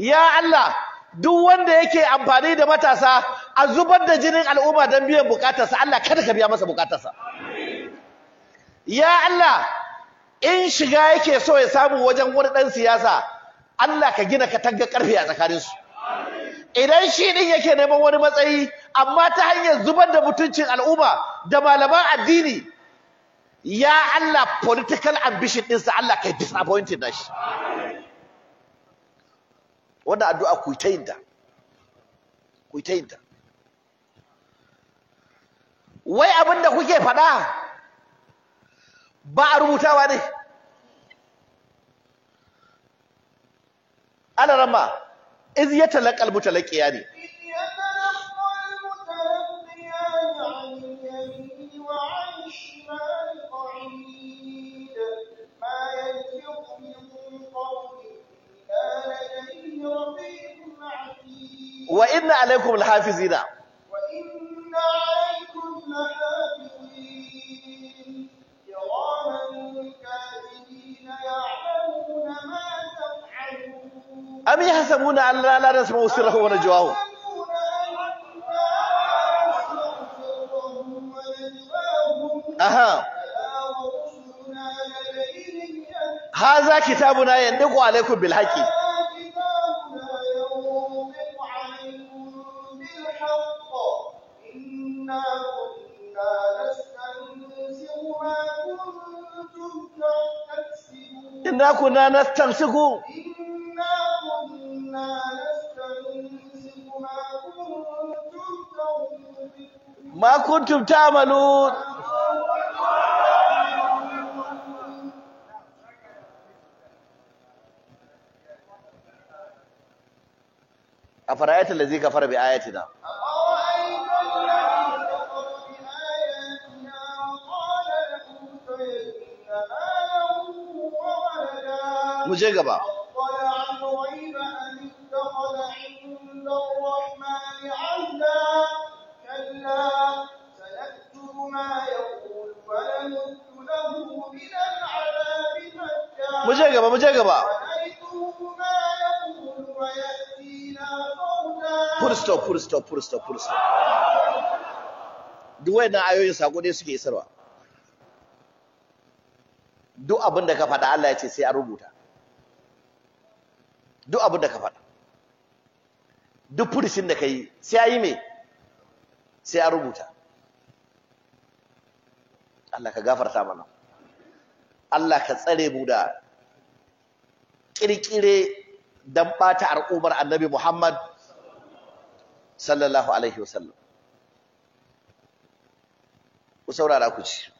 ya Allah duk wanda yake amfani da matasa a zubar da jinin al'umma don biyan bukatarsa Allah kada ka biya masa bukatarsa ya Allah in shiga yake so ya samu wajen wani dan siyasa Allah ka gina ka katangar ƙarfi a tsakaninsu idan shi ɗin yake neman wani matsayi amma ta hanyar zubar da mutuncin al'umma da malaman addini ya Allah political ambition ɗinsa Allah ka disappointed da shi wannan addu'a ku ta yinta ku ta yinta wai abinda kuke faɗa ba a rubutawa ne ana rama iz ya talakal mutalaqiya ne وإن عليكم الحافظين وإن عليكم الحافظين كرام الكاذبين يعلمون ما تفعلون أم يحسبون أن لا نسمع سره ونجواه أها هذا كتابنا يندق عليكم بالحكي Ina kuna na nastan su ku? Makuntun ta malu! A farayetane zai ka fara bai ayeti da. mu je gaba mu je gaba mu je gaba Purstop, purstop, purstop, purstop. full stop full duk wayannan ayoyin sako dai suke isarwa duk abin da ka faɗa Allah ya ce sai a rubuta duk abin da ka faɗa duk furucin da ka yi sai ayi yi me sai ya rubuta Allah ka gafarta mana Allah ka tsare mu da kirkire dan ɓata al'ummar annabi Muhammad sallallahu alaihi wasallam ku saurara ku ci